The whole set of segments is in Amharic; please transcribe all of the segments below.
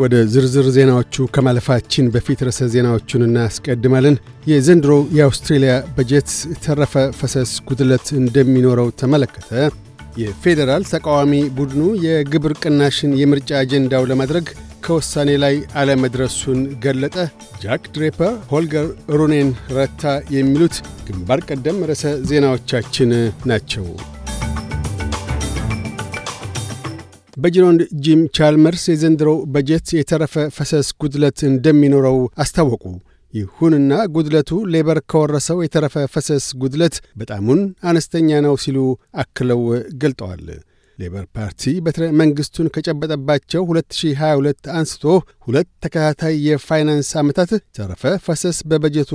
ወደ ዝርዝር ዜናዎቹ ከማለፋችን በፊት ርዕሰ ዜናዎቹን እናስቀድማለን። የዘንድሮ የአውስትሬልያ በጀት ተረፈ ፈሰስ ጉድለት እንደሚኖረው ተመለከተ። የፌዴራል ተቃዋሚ ቡድኑ የግብር ቅናሽን የምርጫ አጀንዳው ለማድረግ ከውሳኔ ላይ አለመድረሱን ገለጠ። ጃክ ድሬፐር ሆልገር ሩኔን ረታ የሚሉት ግንባር ቀደም ርዕሰ ዜናዎቻችን ናቸው። በጅሮንድ ጂም ቻልመርስ የዘንድሮው በጀት የተረፈ ፈሰስ ጉድለት እንደሚኖረው አስታወቁ። ይሁንና ጉድለቱ ሌበር ከወረሰው የተረፈ ፈሰስ ጉድለት በጣሙን አነስተኛ ነው ሲሉ አክለው ገልጠዋል። ሌበር ፓርቲ በትረ መንግሥቱን ከጨበጠባቸው 2022 አንስቶ ሁለት ተከታታይ የፋይናንስ ዓመታት ተረፈ ፈሰስ በበጀቱ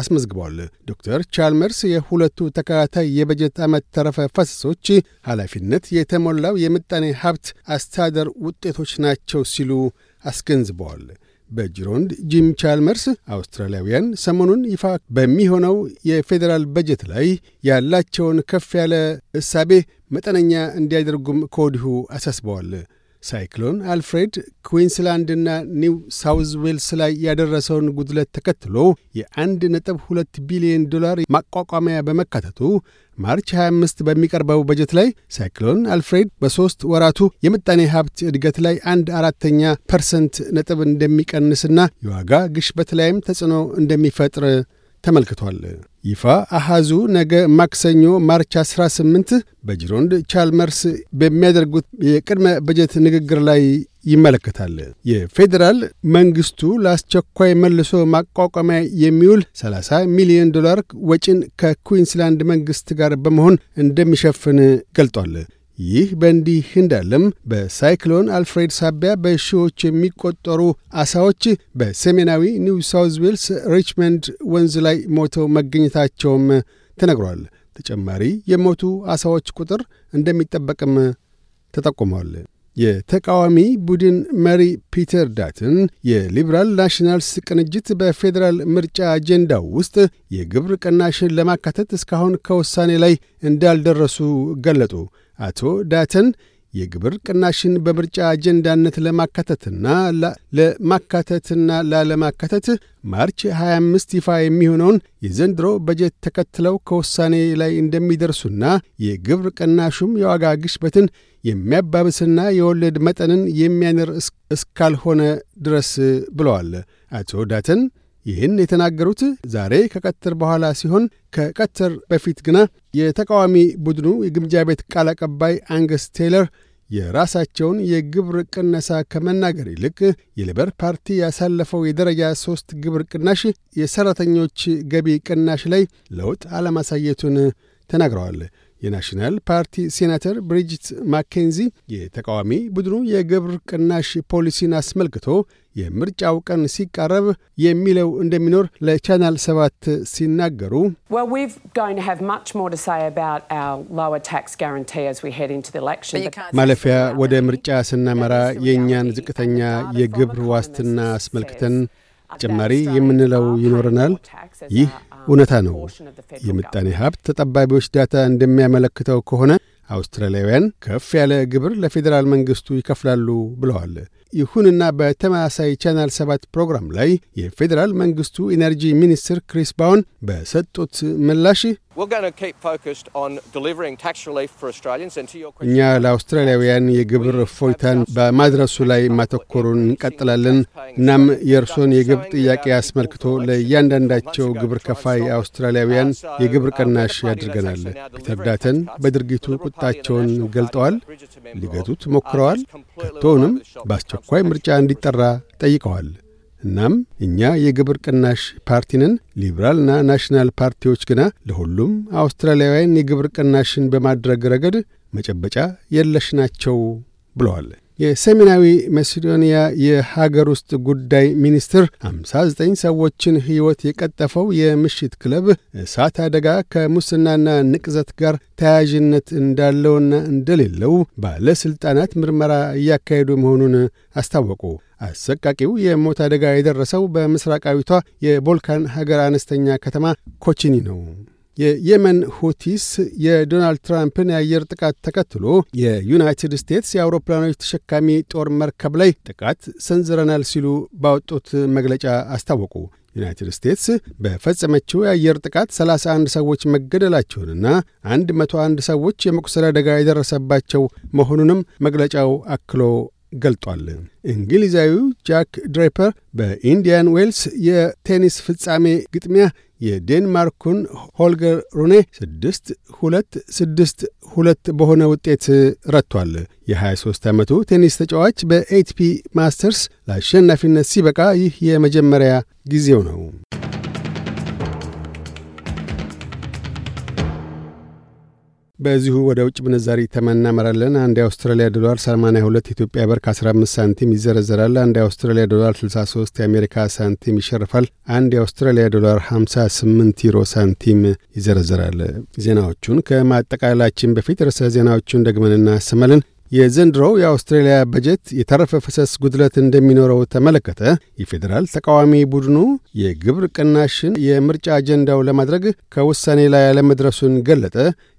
አስመዝግቧል። ዶክተር ቻልመርስ የሁለቱ ተከታታይ የበጀት ዓመት ተረፈ ፈሰሶች ኃላፊነት የተሞላው የምጣኔ ሀብት አስተዳደር ውጤቶች ናቸው ሲሉ አስገንዝበዋል። በጅሮንድ ጂም ቻልመርስ አውስትራሊያውያን ሰሞኑን ይፋ በሚሆነው የፌዴራል በጀት ላይ ያላቸውን ከፍ ያለ እሳቤ መጠነኛ እንዲያደርጉም ከወዲሁ አሳስበዋል። ሳይክሎን አልፍሬድ ኩዊንስላንድና ኒው ሳውዝ ዌልስ ላይ ያደረሰውን ጉድለት ተከትሎ የ1.2 ቢሊዮን ዶላር ማቋቋሚያ በመካተቱ ማርች 25 በሚቀርበው በጀት ላይ ሳይክሎን አልፍሬድ በሦስት ወራቱ የምጣኔ ሀብት እድገት ላይ አንድ አራተኛ ፐርሰንት ነጥብ እንደሚቀንስና የዋጋ ግሽበት ላይም ተጽዕኖ እንደሚፈጥር ተመልክቷል። ይፋ አሃዙ ነገ ማክሰኞ ማርች 18 በጅሮንድ ቻልመርስ በሚያደርጉት የቅድመ በጀት ንግግር ላይ ይመለከታል። የፌዴራል መንግስቱ ለአስቸኳይ መልሶ ማቋቋሚያ የሚውል 30 ሚሊዮን ዶላር ወጪን ከኩዊንስላንድ መንግስት ጋር በመሆን እንደሚሸፍን ገልጧል። ይህ በእንዲህ እንዳለም በሳይክሎን አልፍሬድ ሳቢያ በሺዎች የሚቆጠሩ አሳዎች በሰሜናዊ ኒው ሳውዝ ዌልስ ሪችመንድ ወንዝ ላይ ሞተው መገኘታቸውም ተነግሯል። ተጨማሪ የሞቱ አሳዎች ቁጥር እንደሚጠበቅም ተጠቁሟል። የተቃዋሚ ቡድን መሪ ፒተር ዳትን የሊብራል ናሽናልስ ቅንጅት በፌዴራል ምርጫ አጀንዳው ውስጥ የግብር ቅናሽን ለማካተት እስካሁን ከውሳኔ ላይ እንዳልደረሱ ገለጡ። አቶ ዳተን የግብር ቅናሽን በምርጫ አጀንዳነት ለማካተትና ለማካተትና ላለማካተት ማርች 25 ይፋ የሚሆነውን የዘንድሮ በጀት ተከትለው ከውሳኔ ላይ እንደሚደርሱና የግብር ቅናሹም የዋጋ ግሽበትን የሚያባብስና የወለድ መጠንን የሚያንር እስካልሆነ ድረስ ብለዋል አቶ ዳተን። ይህን የተናገሩት ዛሬ ከቀትር በኋላ ሲሆን ከቀትር በፊት ግና የተቃዋሚ ቡድኑ የግምጃ ቤት ቃል አቀባይ አንገስ ቴይለር የራሳቸውን የግብር ቅነሳ ከመናገር ይልቅ የሊበር ፓርቲ ያሳለፈው የደረጃ ሦስት ግብር ቅናሽ የሠራተኞች ገቢ ቅናሽ ላይ ለውጥ አለማሳየቱን ተናግረዋል። የናሽናል ፓርቲ ሴናተር ብሪጅት ማኬንዚ የተቃዋሚ ቡድኑ የግብር ቅናሽ ፖሊሲን አስመልክቶ የምርጫው ቀን ሲቃረብ የሚለው እንደሚኖር ለቻናል ሰባት ሲናገሩ ማለፊያ ወደ ምርጫ ስናመራ የእኛን ዝቅተኛ የግብር ዋስትና አስመልክተን ጭማሪ የምንለው ይኖረናል። ይህ um, እውነታ ነው። የምጣኔ ሀብት ተጠባቢዎች ዳታ እንደሚያመለክተው ከሆነ አውስትራሊያውያን ከፍ ያለ ግብር ለፌዴራል መንግሥቱ ይከፍላሉ ብለዋል። ይሁንና በተመሳሳይ ቻናል ሰባት ፕሮግራም ላይ የፌዴራል መንግሥቱ ኢነርጂ ሚኒስትር ክሪስ ባውን በሰጡት ምላሽ እኛ ለአውስትራሊያውያን የግብር እፎይታን በማድረሱ ላይ ማተኮሩን እንቀጥላለን። እናም የእርሶን uh, uh, የግብር ጥያቄ አስመልክቶ ለእያንዳንዳቸው ግብር ከፋይ አውስትራሊያውያን የግብር ቅናሽ ያድርገናል። ፒተር ዳተን በድርጊቱ ቁጣቸውን ገልጠዋል፣ ሊገቱት uh, ሞክረዋል። ከቶውንም በአስቸኳይ ምርጫ እንዲጠራ ጠይቀዋል። እናም እኛ የግብር ቅናሽ ፓርቲንን ሊብራልና ናሽናል ፓርቲዎች ግና ለሁሉም አውስትራሊያውያን የግብር ቅናሽን በማድረግ ረገድ መጨበጫ የለሽ ናቸው ብለዋል። የሰሜናዊ መሴዶንያ የሀገር ውስጥ ጉዳይ ሚኒስትር 59 ሰዎችን ሕይወት የቀጠፈው የምሽት ክለብ እሳት አደጋ ከሙስናና ንቅዘት ጋር ተያያዥነት እንዳለውና እንደሌለው ባለሥልጣናት ምርመራ እያካሄዱ መሆኑን አስታወቁ። አሰቃቂው የሞት አደጋ የደረሰው በምስራቃዊቷ የቦልካን ሀገር አነስተኛ ከተማ ኮቺኒ ነው። የየመን ሁቲስ የዶናልድ ትራምፕን የአየር ጥቃት ተከትሎ የዩናይትድ ስቴትስ የአውሮፕላኖች ተሸካሚ ጦር መርከብ ላይ ጥቃት ሰንዝረናል ሲሉ ባወጡት መግለጫ አስታወቁ። ዩናይትድ ስቴትስ በፈጸመችው የአየር ጥቃት 31 ሰዎች መገደላቸውንና 101 ሰዎች የመቁሰል አደጋ የደረሰባቸው መሆኑንም መግለጫው አክሎ ገልጧል። እንግሊዛዊው ጃክ ድሬፐር በኢንዲያን ዌልስ የቴኒስ ፍጻሜ ግጥሚያ የዴንማርኩን ሆልገር ሩኔ ስድስት 2 ስድስት ሁለት በሆነ ውጤት ረቷል። የ23 ዓመቱ ቴኒስ ተጫዋች በኤቲፒ ማስተርስ ለአሸናፊነት ሲበቃ ይህ የመጀመሪያ ጊዜው ነው። በዚሁ ወደ ውጭ ምንዛሪ ተመናመራለን። አንድ የአውስትራሊያ ዶላር 82 ኢትዮጵያ ብር ከ15 ሳንቲም ይዘረዘራል። አንድ የአውስትራሊያ ዶላር 63 የአሜሪካ ሳንቲም ይሸርፋል። አንድ የአውስትራሊያ ዶላር 58 ዩሮ ሳንቲም ይዘረዘራል። ዜናዎቹን ከማጠቃላችን በፊት ርዕሰ ዜናዎቹን ደግመን እናሰማለን። የዘንድሮው የአውስትሬልያ በጀት የተረፈ ፈሰስ ጉድለት እንደሚኖረው ተመለከተ። የፌዴራል ተቃዋሚ ቡድኑ የግብር ቅናሽን የምርጫ አጀንዳው ለማድረግ ከውሳኔ ላይ አለመድረሱን ገለጠ።